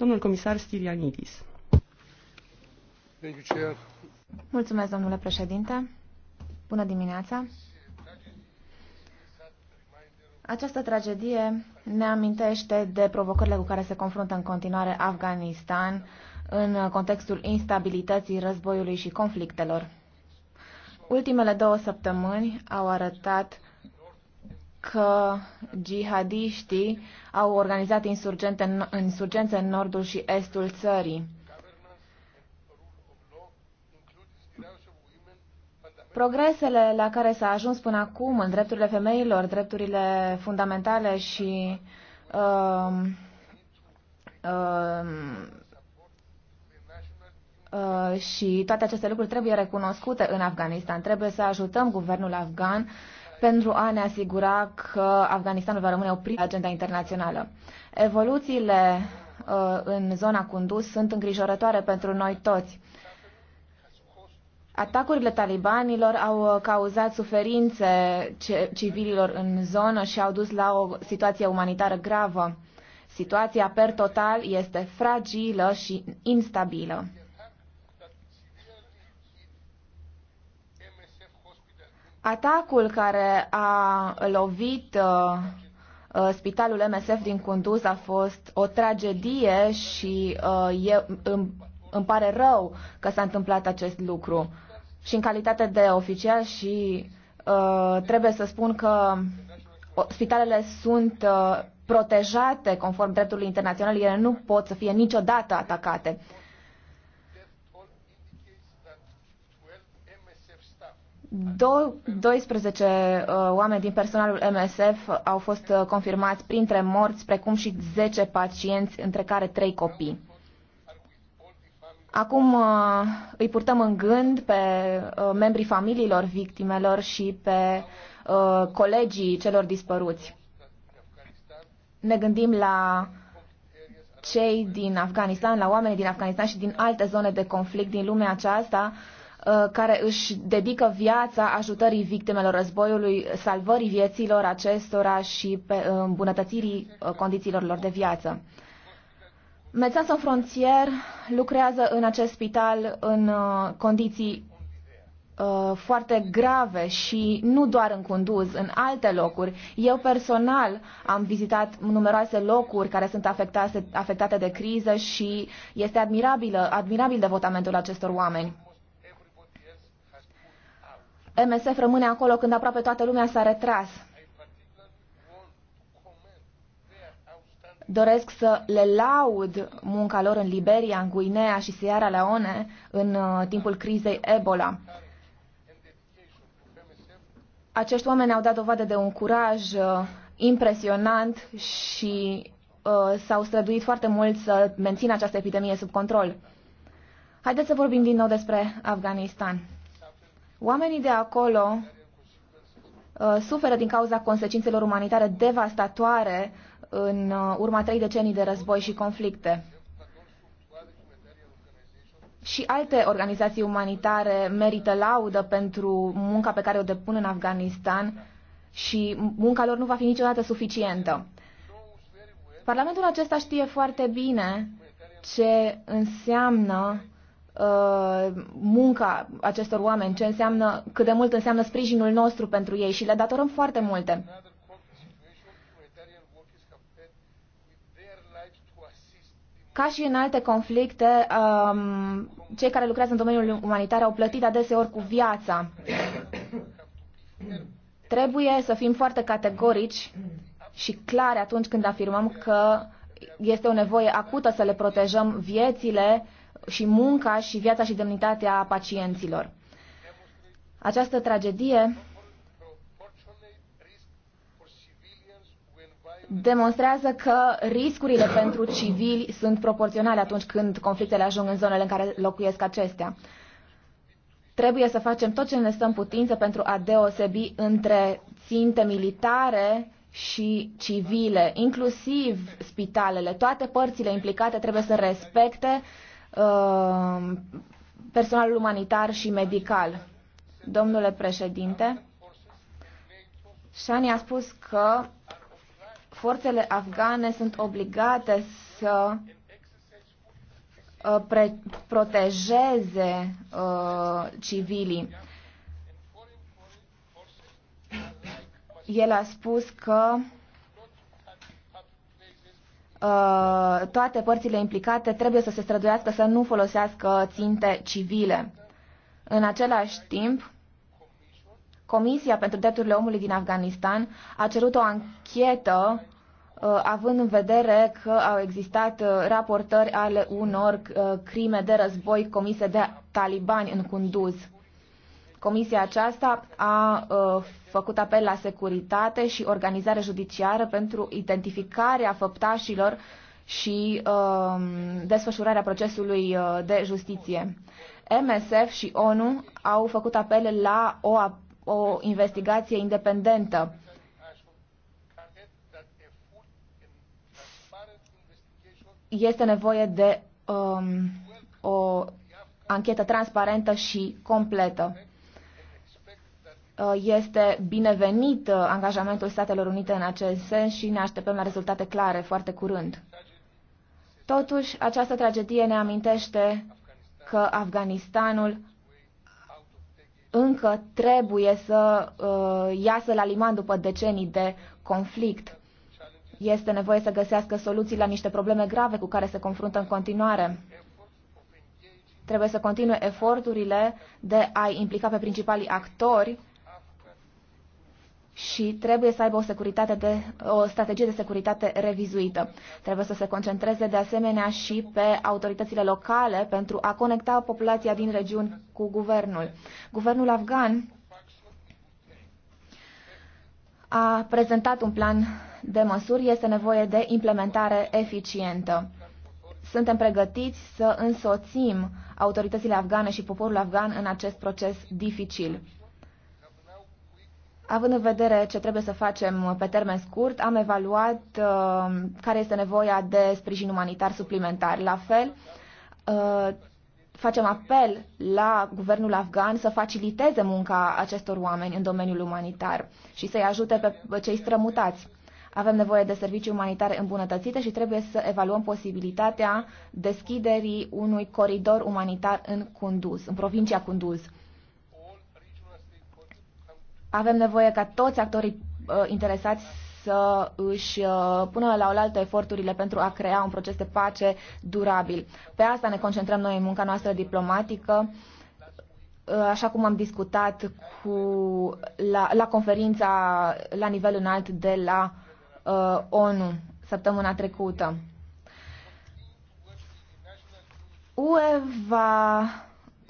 domnul comisar Stylianidis. Mulțumesc, domnule președinte. Bună dimineața. Această tragedie ne amintește de provocările cu care se confruntă în continuare Afganistan în contextul instabilității, războiului și conflictelor. Ultimele două săptămâni au arătat că jihadiștii au organizat insurgente, insurgențe în nordul și estul țării. Progresele la care s-a ajuns până acum în drepturile femeilor, drepturile fundamentale și uh, uh, uh, și toate aceste lucruri trebuie recunoscute în Afganistan. Trebuie să ajutăm guvernul afgan pentru a ne asigura că Afganistanul va rămâne o primă agenda internațională. Evoluțiile uh, în zona Kunduz sunt îngrijorătoare pentru noi toți. Atacurile talibanilor au uh, cauzat suferințe civililor în zonă și au dus la o situație umanitară gravă. Situația per total este fragilă și instabilă. Atacul care a lovit uh, uh spitalul MSF din Kunduz a fost o tragedie și uh, e, îmi, îmi pare rău că s-a întâmplat acest lucru. Și în calitate de oficial și uh, trebuie să spun că spitalele sunt uh, protejate conform dreptului internațional, ele nu pot să fie niciodată atacate. 12 uh, oameni din personalul MSF au fost uh, confirmați printre morți, precum și 10 pacienți, între care 3 copii. Acum uh, îi purtăm în gând pe uh, membrii familiilor victimelor și pe uh, colegii celor dispăruți. Ne gândim la cei din Afganistan, la oamenii din Afganistan și din alte zone de conflict din lumea aceasta uh, Uh, care își dedică viața ajutării victimelor războiului, salvării vieților acestora și pe uh, îmbunătățirii uh, condițiilor lor de viață. Médecins Sans frontier lucrează în acest spital în condiții foarte grave și nu doar în Cunduz, în alte locuri. Eu personal am vizitat numeroase locuri care sunt afectate, afectate de criză și este admirabil admirabil devotamentul acestor oameni. MSF rămâne acolo când aproape toată lumea s-a retras. Doresc să le laud munca lor în Liberia, în Guinea și Sierra Leone în uh, timpul crizei Ebola. Acești oameni au dat dovadă de un curaj uh, impresionant și uh, s-au străduit foarte mult să mențină această epidemie sub control. Haideți să vorbim din nou despre Afganistan. Oamenii de acolo uh, suferă din cauza consecințelor umanitare devastatoare în uh, urma trei decenii de război și conflicte. Și alte organizații umanitare merită laudă pentru munca pe care o depun în Afganistan și munca lor nu va fi niciodată suficientă. Parlamentul acesta știe foarte bine ce înseamnă Uh, munca acestor oameni, ce înseamnă, cât de mult înseamnă sprijinul nostru pentru ei și le datorăm foarte multe. Ca și în alte conflicte, um, cei care lucrează în domeniul umanitar au plătit adeseori cu viața. Trebuie să fim foarte categorici și clare atunci când afirmăm că este o nevoie acută să le protejăm viețile și munca și viața și demnitatea pacienților. Această tragedie demonstrează că riscurile pentru civili sunt proporționale atunci când conflictele ajung în zonele în care locuiesc acestea. Trebuie să facem tot ce ne stăm putință pentru a deosebi între ținte militare și civile, inclusiv spitalele. Toate părțile implicate trebuie să respecte uh, Uh, personalul umanitar și medical. Domnule președinte, Shani a spus că forțele afgane sunt obligate să uh, pre- protejeze uh, civilii. El a spus că Uh, toate părțile implicate trebuie să se străduiască să nu folosească ținte civile. În același timp, Comisia pentru Drepturile Omului din Afganistan a cerut o anchetă uh, având în vedere că au existat uh, raportări ale unor crime de război comise de talibani în Kunduz. Comisia aceasta a ă, făcut apel la securitate și organizare judiciară pentru identificarea făptașilor și ă, desfășurarea procesului ă, de justiție. MSF și ONU au făcut apel la o, o investigație independentă. Este nevoie de um, o anchetă transparentă și completă. Uh, este binevenit uh, angajamentul Statelor Unite în acest sens și ne așteptăm la rezultate clare foarte curând. Totuși, această tragedie ne amintește că Afganistanul încă trebuie să uh, iasă la liman după decenii de conflict. Este nevoie să găsească soluții la niște probleme grave cu care se confruntă în continuare. Trebuie să continue eforturile de a implica pe principalii actori și trebuie să aibă o, securitate de, o strategie de securitate revizuită. Trebuie să se concentreze de asemenea și pe autoritățile locale pentru a conecta populația din regiuni cu guvernul. Guvernul afgan a prezentat un plan de măsuri, este nevoie de implementare eficientă. Suntem pregătiți să însoțim autoritățile afgane și poporul afgan în acest proces dificil. Având în vedere ce trebuie să facem pe termen scurt, am evaluat uh, care este nevoia de sprijin umanitar suplimentar. La fel, uh, facem apel la guvernul afgan să faciliteze munca acestor oameni în domeniul umanitar și să-i ajute pe cei strămutați. Avem nevoie de servicii umanitare îmbunătățite și trebuie să evaluăm posibilitatea deschiderii unui coridor umanitar în Kunduz, în provincia Kunduz avem nevoie ca toți actorii uh, interesați să își uh, pună la oaltă eforturile pentru a crea un proces de pace durabil. Pe asta ne concentrăm noi în munca noastră diplomatică, uh, așa cum am discutat cu, la, la conferința la nivel înalt de la uh, ONU săptămâna trecută. UE va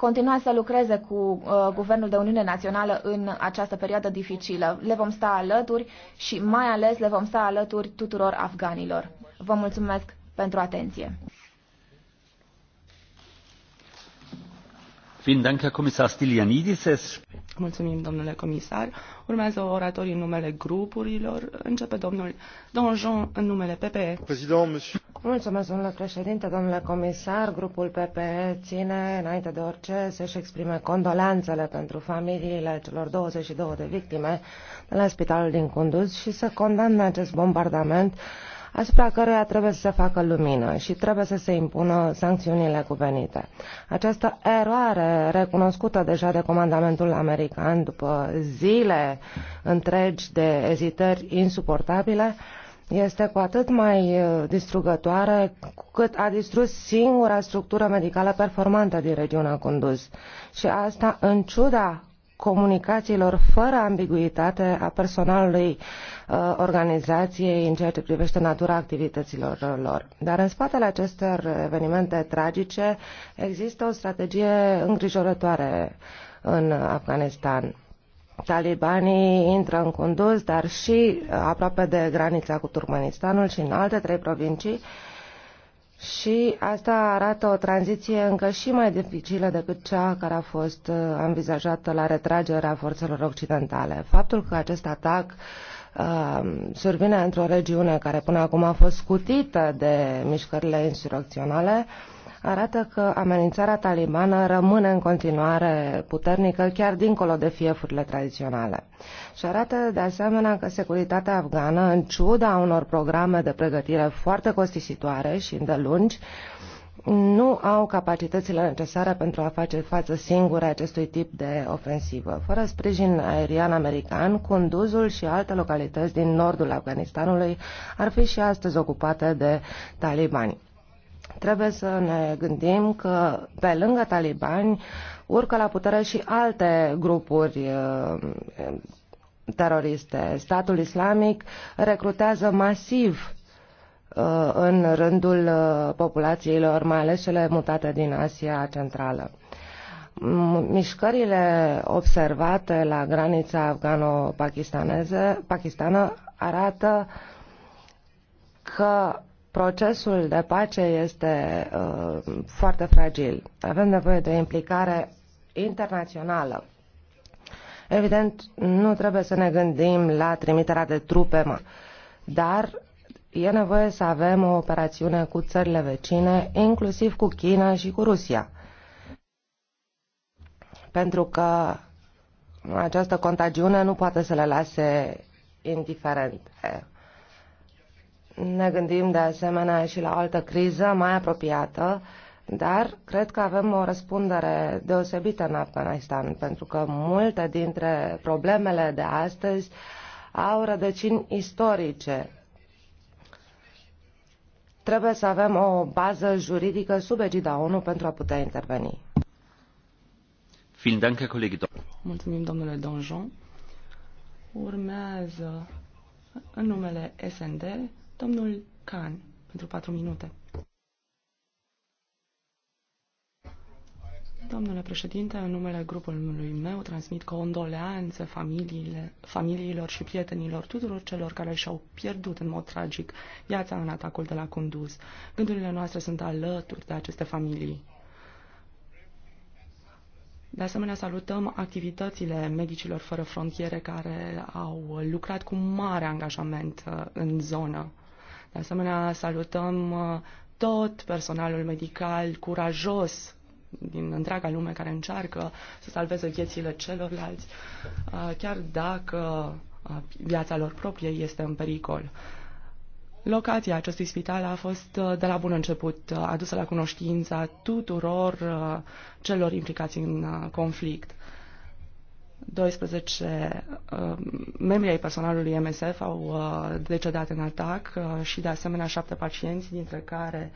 continua să lucreze cu uh, Guvernul de Uniune Națională în această perioadă dificilă. Le vom sta alături și mai ales le vom sta alături tuturor afganilor. Vă mulțumesc pentru atenție. Mulțumim, domnule comisar. Urmează oratorii în numele grupurilor. Începe domnul Donjon în numele PPE. Mulțumesc, domnule președinte, domnule comisar. Grupul PPE ține, înainte de orice, să-și exprime condolanțele pentru familiile celor 22 de victime de la spitalul din Cunduz și să condamne acest bombardament asupra căruia trebuie să se facă lumină și trebuie să se impună sancțiunile cuvenite. Această eroare recunoscută deja de comandamentul american după zile întregi de ezitări insuportabile este cu atât mai uh, distrugătoare cât a distrus singura structură medicală performantă din regiunea condus. Și asta în ciuda comunicațiilor fără ambiguitate a personalului uh, organizației în ceea ce privește natura activităților uh, lor. Dar în spatele acestor evenimente tragice există o strategie îngrijorătoare în Afganistan. Talibanii intră în condus, dar și aproape de granița cu Turkmenistanul și în alte trei provincii, și asta arată o tranziție încă și mai dificilă decât cea care a fost uh, anvizajată la retragerea forțelor occidentale. Faptul că acest atac uh, survine într-o regiune care până acum a fost scutită de mișcările insurrecționale uh, arată că amenințarea talibană rămâne în continuare puternică chiar dincolo de fiefurile tradiționale. Și arată de asemenea că securitatea afgană, în ciuda unor programe de pregătire foarte costisitoare și îndelungi, nu au capacitățile necesare pentru a face față singure acestui tip de ofensivă. Fără sprijin aerian american, Kunduzul și alte localități din nordul Afganistanului ar fi și astăzi ocupate de talibani. Trebuie să ne gândim că pe lângă talibani urcă la putere și alte grupuri uh, teroriste. Statul islamic recrutează masiv uh, în rândul uh, populațiilor, mai ales cele mutate din Asia Centrală. Mișcările observate la granița afgano-pakistană arată că procesul de pace este uh, foarte fragil. Avem nevoie de o implicare internațională. Evident, nu trebuie să ne gândim la trimiterea de trupe, dar e nevoie să avem o operațiune cu țările vecine, inclusiv cu China și cu Rusia. Pentru că această contagiune nu poate să le lase indiferente. Ne gândim de asemenea și la o altă criză mai apropiată, dar cred că avem o răspundere deosebită în Afganistan, pentru că multe dintre problemele de astăzi au rădăcini istorice. Trebuie să avem o bază juridică sub egida ONU pentru a putea interveni. Mulțumim, domnule Donjon. Urmează în numele SND Domnul Can, pentru patru minute. Domnule președinte, în numele grupului meu transmit condoleanțe familiile, familiilor și prietenilor tuturor celor care și-au pierdut în mod tragic viața în atacul de la condus. Gândurile noastre sunt alături de aceste familii. De asemenea, salutăm activitățile Medicilor Fără Frontiere care au lucrat cu mare angajament uh, în zonă. De asemenea, salutăm uh, tot personalul medical curajos din întreaga lume care încearcă să salveze viețile celorlalți, uh, chiar dacă uh, viața lor proprie este în pericol. Locația acestui spital a fost de la bun început adusă la cunoștința tuturor celor implicați în conflict. 12 uh, membri ai personalului MSF au uh, decedat în atac uh, și de asemenea 7 pacienți, dintre care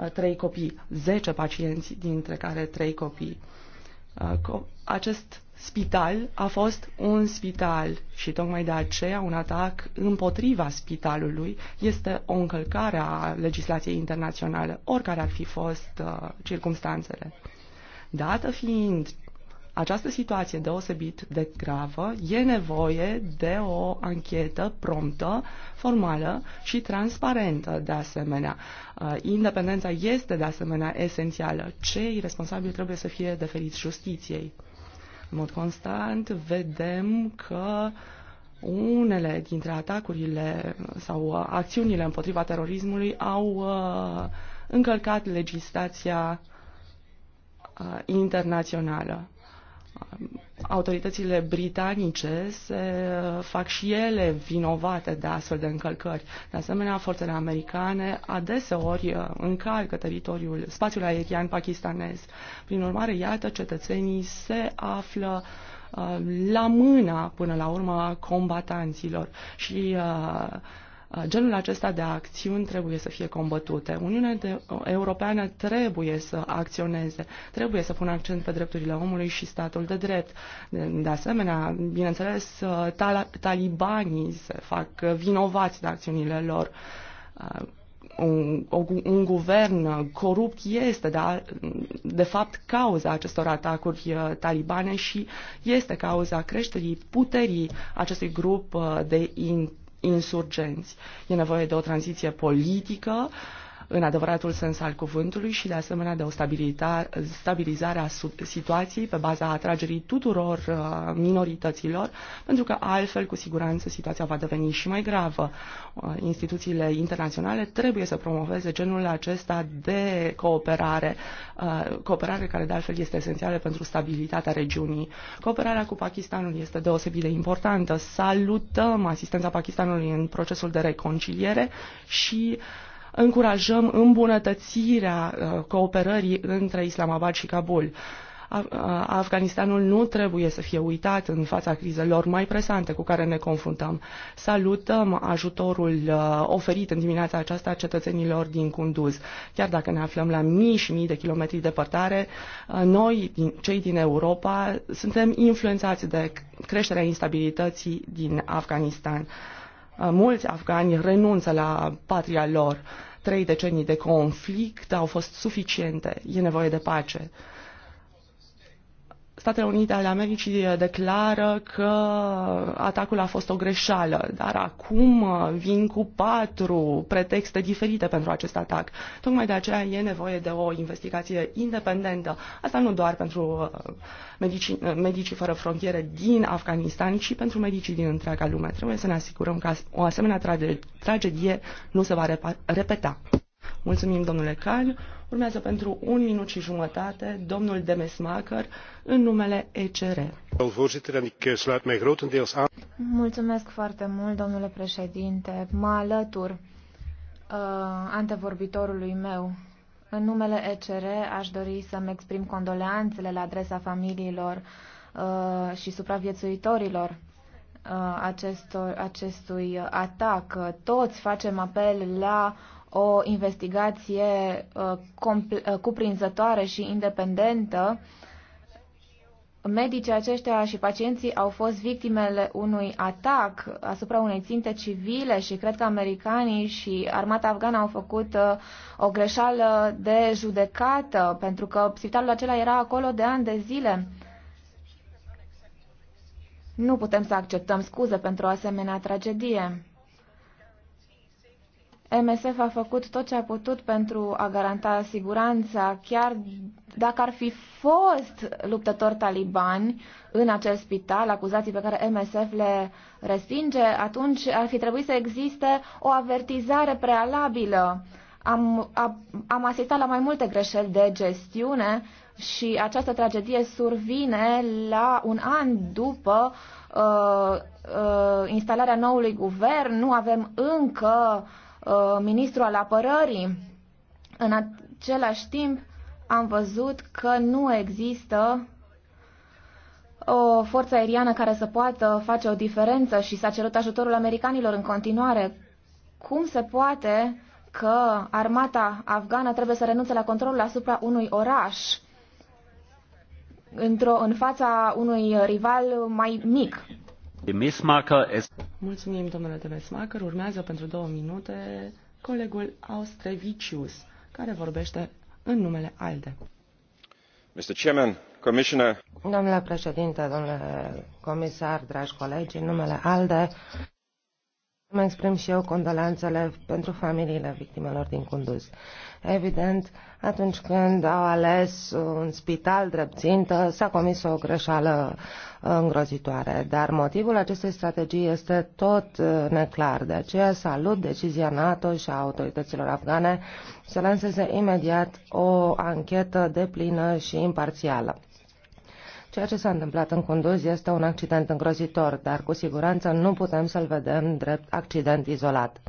uh, 3 copii, 10 pacienți, dintre care 3 copii. Uh, co- acest spital a fost un spital și tocmai de aceea un atac împotriva spitalului este o încălcare a legislației internaționale, oricare ar fi fost uh, circumstanțele. Dată fiind această situație deosebit de gravă, e nevoie de o anchetă promptă, formală și transparentă de asemenea. Uh, independența este de asemenea esențială. Cei responsabili trebuie să fie deferiți justiției. În mod constant vedem că unele dintre atacurile sau uh, acțiunile împotriva terorismului au uh, încălcat legislația internațională autoritățile britanice se uh, fac și ele vinovate de astfel de încălcări. De asemenea, forțele americane adeseori uh, încalcă teritoriul, spațiul aerian pakistanez. Prin urmare, iată, cetățenii se află uh, la mâna, până la urmă, combatanților. Și uh, Genul acesta de acțiuni trebuie să fie combătute. Uniunea de, Europeană trebuie să acționeze, trebuie să pună accent pe drepturile omului și statul de drept. De, de asemenea, bineînțeles, tal, talibanii se fac vinovați de acțiunile lor. Un, un guvern corupt este de, a, de fapt cauza acestor atacuri talibane și este cauza creșterii puterii acestui grup de in, insurgenți. E nevoie de o tranziție politică uh, în adevăratul sens al cuvântului și de asemenea de o stabilizare a situației pe baza atragerii tuturor uh, minorităților, pentru că altfel cu siguranță situația va deveni și mai gravă. Uh, instituțiile internaționale trebuie să promoveze genul acesta de cooperare, uh, cooperare care de altfel este esențială pentru stabilitatea regiunii. Cooperarea cu Pakistanul este deosebit de importantă. Salutăm asistența Pakistanului în procesul de reconciliere și uh, încurajăm îmbunătățirea uh, cooperării între Islamabad și Kabul. Uh, Afganistanul nu trebuie să fie uitat în fața crizelor mai presante cu care ne confruntăm. Salutăm ajutorul uh, oferit în dimineața aceasta cetățenilor din Kunduz. Chiar dacă ne aflăm la mii și mii de kilometri departare, noi, cei din Europa, suntem influențați de creșterea instabilității din Afganistan. Mulți afgani renunță la patria lor trei decenii de conflict au fost suficiente. E nevoie de pace. Statele Unite ale Americii eh, declară că atacul a fost o greșeală, dar acum eh, vin cu patru pretexte diferite pentru acest atac. Tocmai de aceea e nevoie de o investigație independentă. Asta nu doar pentru eh, medicii, medicii fără frontiere din Afganistan, ci pentru medicii din întreaga lume. Trebuie să ne asigurăm că o asemenea tragedie nu se va repeta. Mulțumim, domnule Cal. Urmează pentru un minut și jumătate domnul Demesmacher în numele ECR. Eh, Mulțumesc foarte mult, domnule președinte. Mă alătur uh, antevorbitorului meu. În numele ECR aș dori să-mi exprim condoleanțele la adresa familiilor uh, și supraviețuitorilor uh, acestor, acestui atac. Toți facem apel la o investigație uh, uh, cuprinzătoare și independentă. Medicii aceștia și pacienții au fost victimele unui atac asupra unei ținte civile și cred că americanii și armata afgană au făcut uh, o greșeală de judecată pentru că spitalul acela era acolo de ani de zile. Nu putem să acceptăm scuze pentru o asemenea tragedie. MSF a făcut tot ce a putut pentru a garanta siguranța, chiar dacă ar fi fost luptători talibani în acest spital, acuzații pe care MSF le respinge, atunci ar fi trebuit să existe o avertizare prealabilă. Am, a, am asistat la mai multe greșeli de gestiune și această tragedie survine la un an după uh, uh, instalarea noului guvern. Nu avem încă uh, Uh, ministru al apărării. În același timp, am văzut că nu există o forță aeriană care să poată face o diferență și s-a cerut ajutorul americanilor în continuare. Cum se poate că armata afgană trebuie să renunțe la controlul asupra unui oraș într-o, în fața unui rival mai mic? Mulțumim, domnule Demesmacher. Urmează pentru două minute colegul Austrevicius, care vorbește în numele ALDE. Mr. Chairman, Commissioner. Domnule președinte, domnule comisar, dragi colegi, în numele ALDE, îmi exprim și eu condolențele pentru familiile victimelor din Kunduz. Evident, atunci când au ales un spital dreptțintă, s-a comis o greșeală îngrozitoare, dar motivul acestei strategii este tot uh, neclar. De aceea salut decizia NATO și a autorităților afgane să lanseze imediat o anchetă deplină și imparțială. Ceea ce s-a întâmplat în Cunduz este un accident îngrozitor, dar cu siguranță nu putem să-l vedem drept accident izolat.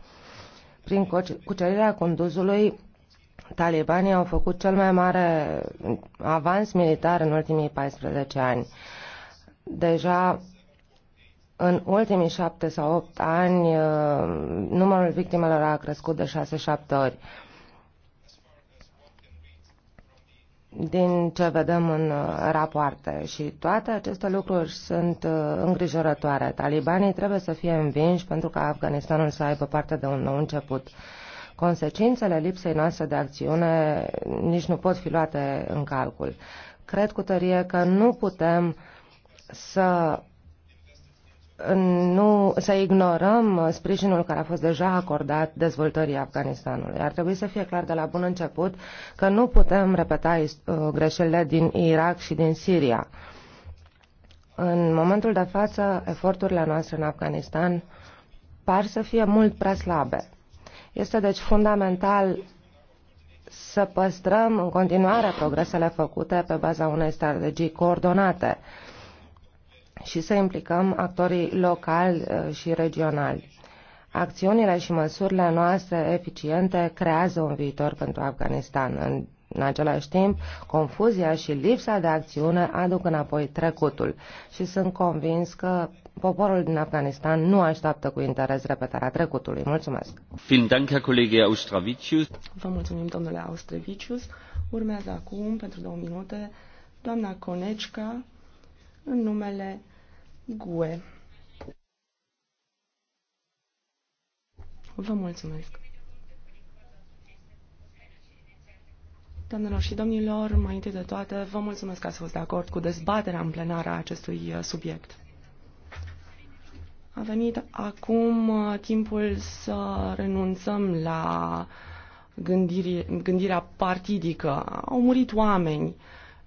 Prin cucerirea Cunduzului, talibanii au făcut cel mai mare avans militar în ultimii 14 ani. Deja în ultimii șapte sau opt ani, uh, numărul victimelor a crescut de șase-șapte ori. din ce vedem în uh, rapoarte și toate aceste lucruri sunt uh, îngrijorătoare. Talibanii trebuie să fie învinși pentru ca Afganistanul să aibă parte de un nou început. Consecințele lipsei noastre de acțiune nici nu pot fi luate în calcul. Cred cu tărie că nu putem să nu, să ignorăm sprijinul care a fost deja acordat dezvoltării Afganistanului. Ar trebui să fie clar de la bun început că nu putem repeta uh, greșelile din Irak și din Siria. În momentul de față, eforturile noastre în Afganistan par să fie mult prea slabe. Este deci fundamental să păstrăm în continuare progresele făcute pe baza unei strategii coordonate și să implicăm actorii locali uh, și regionali. Acțiunile și măsurile noastre eficiente creează un viitor pentru Afganistan. În, în același timp, confuzia și lipsa de acțiune aduc înapoi trecutul și sunt convins că poporul din Afganistan nu așteaptă cu interes repetarea trecutului. Mulțumesc! Vă mulțumim, domnule Austrevicius. Urmează acum, pentru două minute, doamna Conecica, în numele GUE. Vă mulțumesc. Doamnelor și domnilor, mai întâi de toate, vă mulțumesc că ați fost de acord cu dezbaterea în plenară a acestui uh, subiect. A venit acum uh, timpul să renunțăm la gândirea partidică. Au murit oameni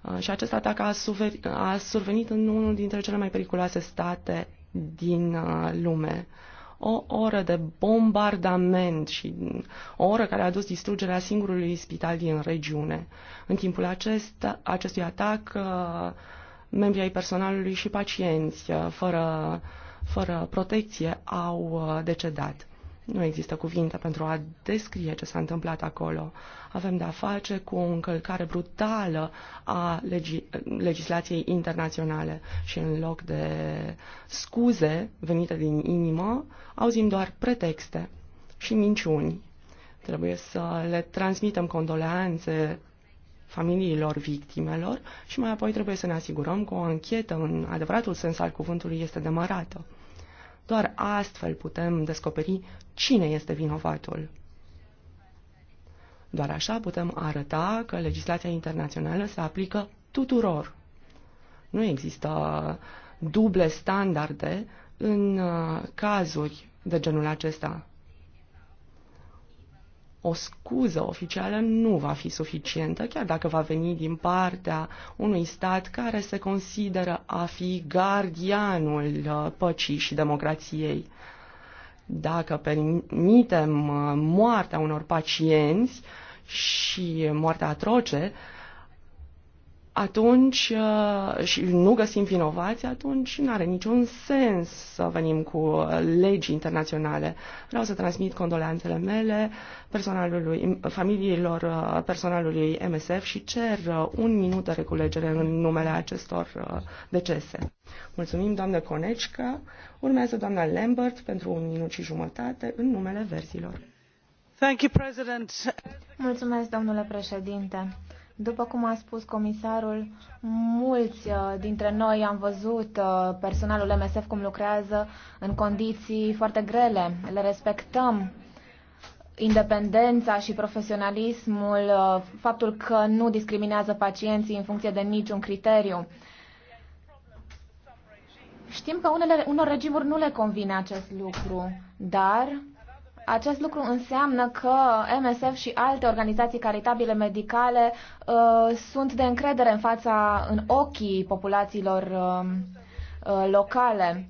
Uh, și acest atac a, a survenit în unul dintre cele mai periculoase state din uh, lume. O oră de bombardament și o oră care a dus distrugerea singurului spital din regiune. În timpul acesta, acestui atac, uh, membrii ai personalului și pacienți, fără, fără protecție, au decedat. Nu există cuvinte pentru a descrie ce s-a întâmplat acolo. Avem de-a face cu o încălcare brutală a legi- legislației internaționale și în loc de scuze venite din inimă, auzim doar pretexte și minciuni. Trebuie să le transmitem condoleanțe familiilor victimelor și mai apoi trebuie să ne asigurăm că o anchetă în adevăratul sens al cuvântului este demarată. Doar astfel putem descoperi cine este vinovatul. Doar așa putem arăta că legislația internațională se aplică tuturor. Nu există duble standarde în uh, cazuri de genul acesta o scuză oficială nu va fi suficientă, chiar dacă va veni din partea unui stat care se consideră a fi gardianul uh, păcii și democrației. Dacă permitem uh, moartea unor pacienți și moartea atroce, uh, atunci uh, și nu găsim vinovați, atunci nu are niciun sens să venim cu legi internaționale. Vreau să transmit condoleanțele mele personalului, familiilor uh, personalului MSF și cer uh, un minut de reculegere în numele acestor decese. Mulțumim, doamnă Conecica. Urmează doamna Lambert pentru un minut și jumătate în numele verzilor. Thank you, President. Mulțumesc, domnule președinte. După cum a spus comisarul, mulți uh, dintre noi am văzut uh, personalul MSF cum lucrează în condiții foarte grele. Le respectăm independența și profesionalismul, uh, faptul că nu discriminează pacienții în funcție de niciun criteriu. Știm că unele, unor regimuri nu le convine acest lucru, dar acest lucru înseamnă că MSF și alte organizații caritabile medicale uh, sunt de încredere în fața, în ochii populațiilor um, uh, locale.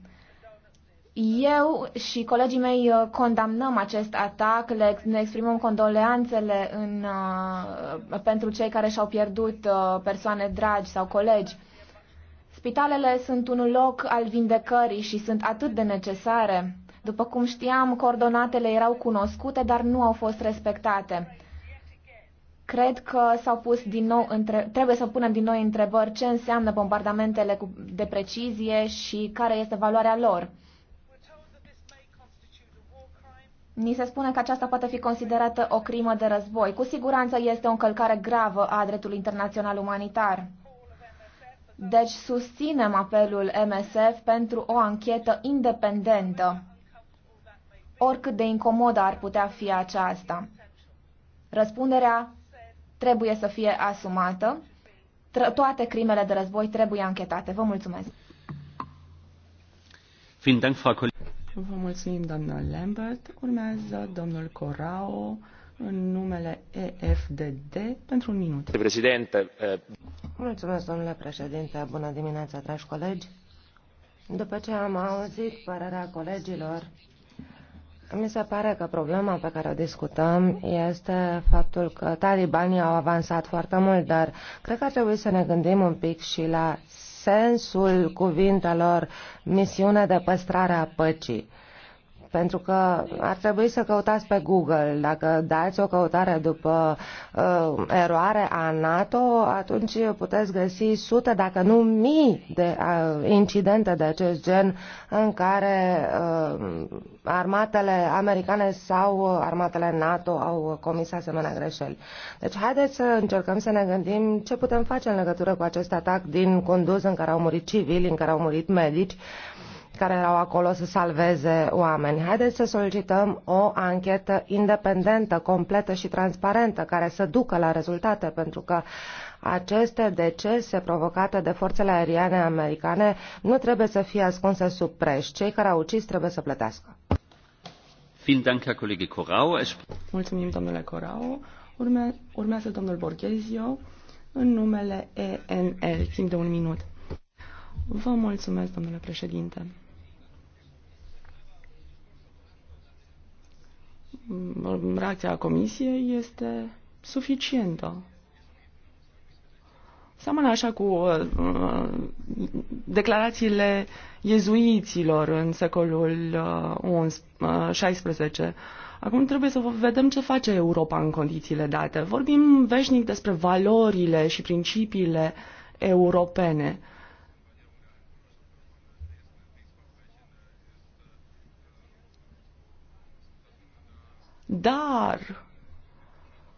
Eu și colegii mei uh, condamnăm acest atac, le, ne exprimăm condoleanțele în, uh, pentru cei care și-au pierdut uh, persoane dragi sau colegi. Spitalele sunt un loc al vindecării și sunt atât de necesare. După cum știam, coordonatele erau cunoscute, dar nu au fost respectate. Cred că s-au pus din nou între... trebuie să punem din nou întrebări ce înseamnă bombardamentele de precizie și care este valoarea lor. Ni se spune că aceasta poate fi considerată o crimă de război. Cu siguranță este o încălcare gravă a dreptului internațional umanitar. Deci susținem apelul MSF pentru o anchetă independentă oricât de incomodă ar putea fi aceasta. Răspunderea trebuie să fie asumată. Toate crimele de război trebuie anchetate. Vă mulțumesc! Vă mulțumim, doamnă Lambert. Urmează domnul Corao în numele EFDD pentru un minut. Președinte. Eh, mulțumesc, domnule președinte. Bună dimineața, dragi colegi. După ce am auzit părerea colegilor mi se pare că problema pe care o discutăm este faptul că talibanii au avansat foarte mult, dar cred că ar trebui să ne gândim un pic și la sensul cuvintelor misiune de păstrare a păcii. Uh, pentru că ar trebui să căutați pe Google. Dacă dați o căutare după uh, eroare a NATO, atunci puteți găsi sute, dacă nu mii de uh, incidente de acest gen în care uh, armatele americane sau armatele NATO au comis asemenea greșeli. Deci haideți să încercăm să ne gândim ce putem face în legătură cu acest atac din conduz în care au murit civili, în care au murit medici. Uh, care erau acolo să salveze oameni. Haideți să solicităm o anchetă independentă, completă și transparentă, care să ducă la rezultate, pentru că aceste decese provocate de forțele aeriene americane nu trebuie să fie ascunse sub preș. Cei care au ucis trebuie să plătească. Mulțumim, domnule Corau. Urme, urmează domnul Borghezio în numele ENL, timp de un minut. Vă mulțumesc, domnule președinte. reacția comisiei este suficientă. Seamănă așa cu uh, uh declarațiile iezuiților în secolul uh, 16 uh, Acum trebuie să vedem ce face Europa în condițiile date. Vorbim veșnic despre valorile și principiile europene. Dar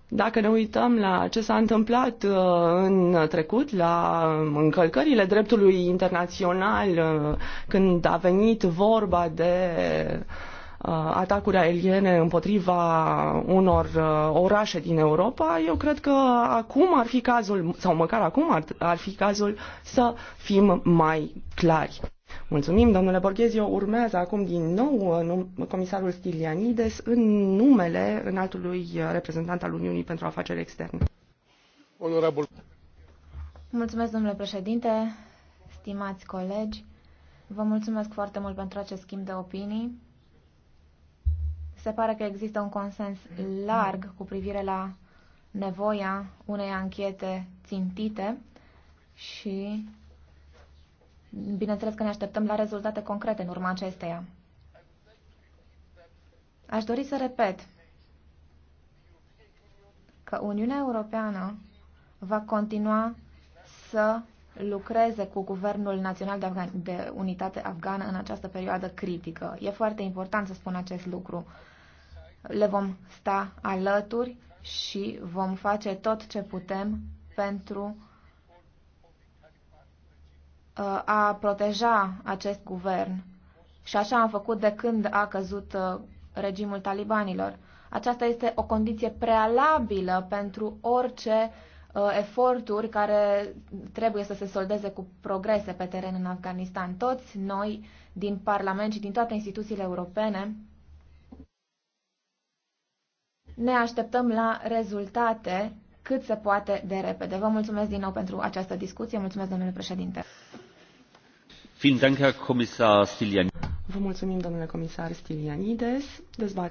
dacă ne uităm la ce s-a întâmplat uh, în trecut, la încălcările dreptului internațional, uh, când a venit vorba de uh, atacuri aeriene împotriva unor orașe din Europa, eu cred că acum ar fi cazul, sau măcar acum ar, ar fi cazul, să fim mai clari. Mulțumim, domnule Borghezio. Urmează acum din nou uh, comisarul Stilianides în numele înaltului uh, reprezentant al Uniunii pentru afaceri externe. Onorabil. Mulțumesc, domnule președinte, stimați colegi. Vă mulțumesc foarte mult pentru acest schimb de opinii. Se pare că există un consens larg cu privire la nevoia unei anchete țintite și Bineînțeles că ne așteptăm la rezultate concrete în urma acesteia. Aș dori să repet că Uniunea Europeană va continua să lucreze cu Guvernul Național de, Afgan- de Unitate Afgană în această perioadă critică. E foarte important să spun acest lucru. Le vom sta alături și vom face tot ce putem pentru Uh, a proteja acest guvern. Și așa am făcut de când a căzut uh, regimul talibanilor. Aceasta este o condiție prealabilă pentru orice uh, eforturi care trebuie să se soldeze cu progrese pe teren în Afganistan. Toți noi, din Parlament și din toate instituțiile europene, ne așteptăm la rezultate cât se poate de repede. Vă mulțumesc din nou pentru această discuție. Mulțumesc, domnule președinte. Vă mulțumim, domnule comisar Stilianides. Dezbat